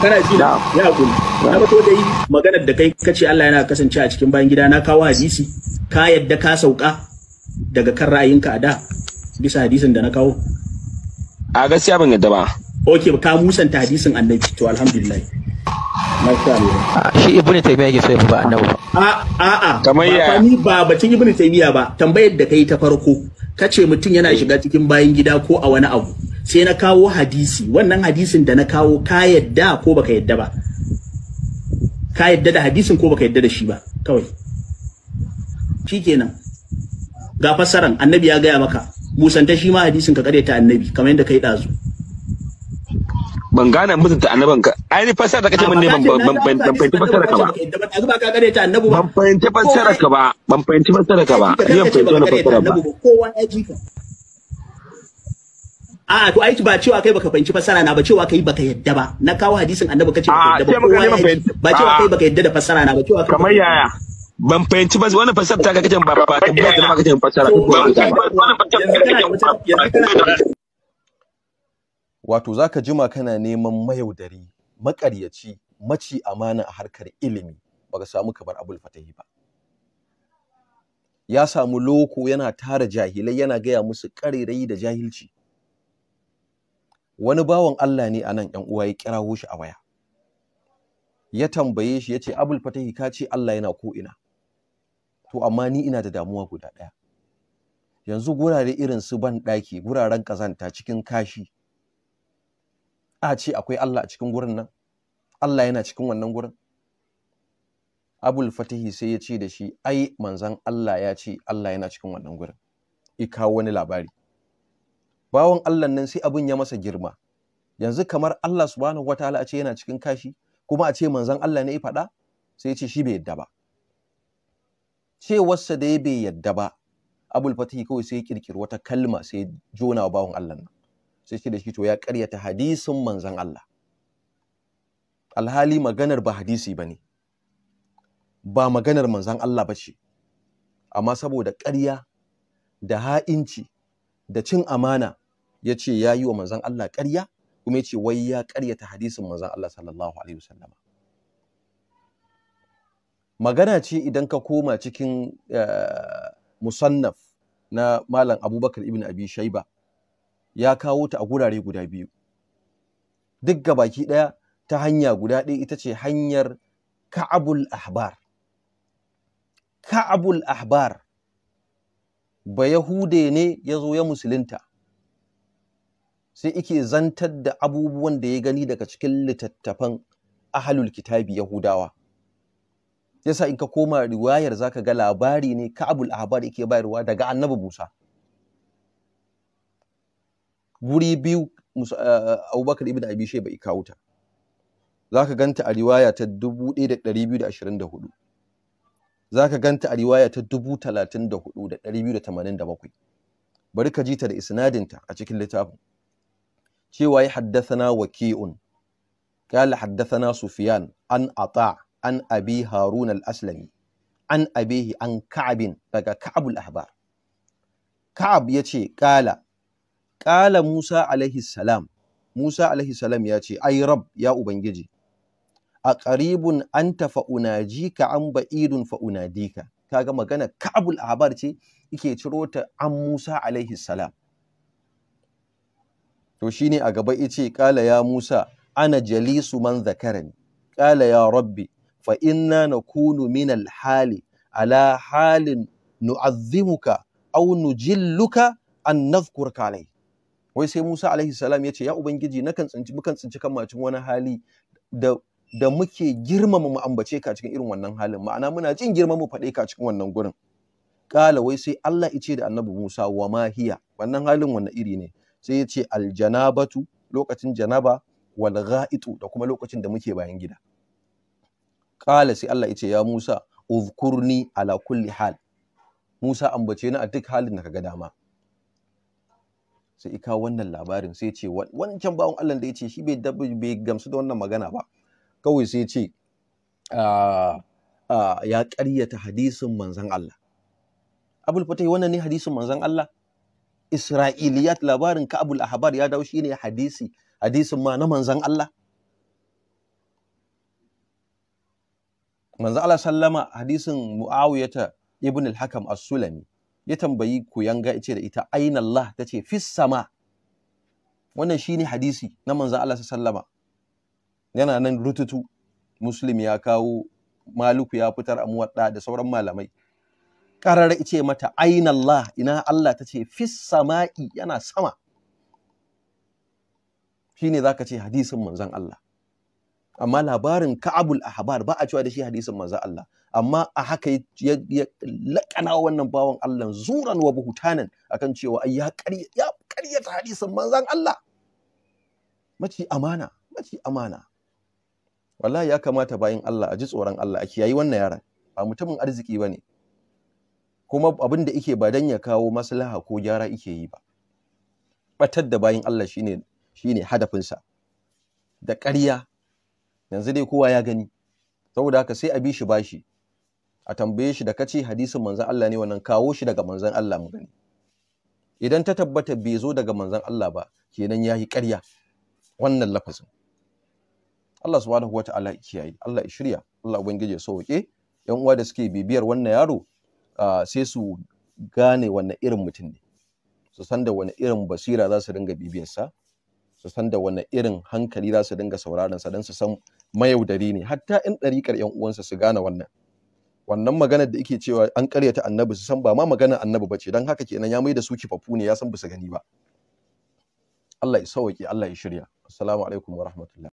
kana ji na ya hakuri na ba to dai maganar da kai kace Allah yana kasance a cikin bayan gida na kawo hadisi ka yadda ka sauka daga kan ra'ayinka a da bisa hadisin da na kawo a gaskiya ban yadda ba okay ka musanta hadisin annabi to alhamdulillah shi Ibnu taymiya yake so ya ba annabi ba a a kamar ya ba ni ba batun Ibnu taymiya ba tambayar da kai ta farko kace mutum yana shiga cikin bayan gida ko a wani abu sai na kawo hadisi wannan hadisin da na kawo ka yadda ko baka yadda ba ka yadda da hadisin ko baka yadda da shi ba kawai shikenan ga fassaran annabi ya gaya maka musanta shi ma hadisin ka ta annabi kamar yadda kai dazu ban gane mutunta annaban ka ni fassara kace mun ne ban fahimci ban ban ban ka ba ban fahimci fassara ka ba ban fahimci fassara ka ba ni ban fahimci fassara ka ba kowa ya ji ka a to ai ba cewa kai baka fahimci fasara na ba cewa kai baka yadda ba na kawo hadisin annabi kace baka yadda ba ba cewa kai baka yadda da fasara na ba cewa kamar yaya ban fahimci ba wannan fasara ta kace ba ba ta ba ta kace fasara. wato zaka jima kana neman mayaudari makaryaci maci amana a harkar ilimi baka samu kamar abul fatahi ba ya samu loko yana tara jahilai yana gaya musu karerai da jahilci wani bawan Allah ne a nan ‘yan uwa ya kirawo shi a waya ya tambaye shi ya ce abul fatahi ka ce Allah yana ko'ina to amma ni ina da damuwa guda ɗaya yanzu gurare irin su ban ɗaki guraren ƙazanta cikin kashi a ce akwai Allah a cikin gurin nan Allah yana cikin wannan gurin abul fatahi sai ya ce da shi ai manzan Allah ya ce Allah yana cikin wannan gurin i kawo wani labari bawan Allah nan sai abin ya masa girma yanzu kamar Allah subhanahu wataala a ce yana cikin kashi kuma a ce manzon Allah ne ya faɗa sai ya ce shi bai yadda ba cewarsa da ya bai yadda ba abul Fatih kawai sai ya kirkiri wata kalma sai ya jona wa bawan Allah nan sai shi da shi to ya karyata hadisin manzon Allah alhali maganar ba hadisi bane ba maganar manzon Allah bace amma saboda ƙarya da ha'inci da cin amana ya ce ya yi wa manzan Allah ƙarya kuma ya ce wai ya ta hadisin manzan Allah sallallahu alaihi wasallama magana ce idan ka koma cikin eh, musannaf na malam abubakar ibn abi shaiba ya kawo ta a gurare guda biyu duk baki ɗaya ta hanya guda ɗaya ita ce hanyar ka'abul ahbar ka'abul ahbar ba yahude ne ya zo ya musulunta sai ike zantar da abubuwan da ya gani daga cikin littattafan ahalul kitabi yahudawa yasa in ka koma riwayar zaka ga labari ne ka'abul ahbar yake bayarwa daga annabi Musa guri biyu eh, eh, Abubakar ibn Abi Shayba ta zaka ganta a riwaya ta 1224 zaka ganta a riwaya ta da 287 bari ka ji ta da ta a cikin littafin cewa ya haddathana waki'un قال Sufiyan an عن an abi أبي هارون الأسلمي an أبيه an كعب daga كعب ka'ab كعب yace kala kala Musa عليه السلام Musa alaihi salam ya ce, Ai, Rab, ya Ubangiji, a ƙaribun an tafa fa'unaji ka an ba'idun fa'unadika, kaga magana Ka'abul Ahbar ce, ike ciro ta an Musa alaihi salam. to ne a gaba yace qala ya Musa ana jalisu man zakarani qala ya rabbi fa inna nakunu min al-hali ala halin nu'azzimuka aw nujilluka an nadhkurka alai wai sai Musa alaihi salam yace ya ubangiji nakan tsinci mukan tsinci kan cikin wani hali da da muke girmama mu ambace ka cikin irin wannan halin ma'ana muna jin girmama mu faɗe ka cikin wannan gurin kala wai sai Allah ice da annabi Musa wa ma hiya wannan halin wannan iri ne sai ya ce aljanabatu lokacin janaba wal gha'itu da kuma lokacin da muke bayan gida Ƙala sai Allah ya ce ya Musa uzkurni ala kulli hal Musa ambace ni a duk halin da kaga dama sai ika wannan labarin sai ce wancan bawon Allah da ya ce shi bai gamsu da wannan magana ba kawai sai ce ya ƙaryata hadisin manzan Allah abul fatai wannan ne hadisin manzan Allah isra'iliyat labarin ka'abul ahbar ya dawo shine hadisi hadisin ma na manzon Allah manzon Allah sallama hadisin muawiyata ibn al-hakam as-sulami ya tambayi kuyanga yace da ita aina Allah tace fis sama wannan shine hadisi na manzon Allah sallama yana nan rututu muslim ya kawo maluku ya fitar a muwadda da sauran malamai ƙarar ce mata ainallah ina Allah ta ce fis sama'i yana sama Shi ne za ka ce hadisin manzan Allah amma labarin Ka'abul Ahbar ba a cewa da shi hadisin manzan Allah amma a haka ya, laƙana wannan bawan Allah zuran wa buhutanan akan cewa ai ya ƙaryata hadisin manzan Allah mace amana mace amana wallahi ya kamata bayin Allah a ji tsoron Allah a kiyayi wannan yaran ba mutumin arziki ba ne. kuma abin da ike ba dan ya kawo maslaha ko gyara ike yi ba batar da bayan Allah shine shine hadafinsa da ƙarya yanzu dai kowa ya gani saboda haka sai a bi shi bashi a tambaye shi da kace hadisin manzon Allah ne wannan kawo shi daga manzon Allah mu gani idan ta tabbata bai zo daga manzon Allah ba kenan yayi ƙarya wannan lafazin Allah subhanahu wata'ala kiyaye Allah ya shirya Allah ubangije sauke yan uwa da suke bibiyar wannan yaro sai su gane wanne irin mutum ne su san da wani irin basira za su dinga bibiyarsa su san da wani irin hankali za su dinga sauraronsa don su san mayaudari ne hatta in ɗariƙar ‘yan uwansa su gane wannan wannan maganar da yake cewa an ta annabi su san ba ma maganar annabi ba ce don haka kenan ya mai da su kifafu ne ya san ba gani ba Allah ya sauwaƙe Allah ya shirya assalamu alaikum wa rahmatullah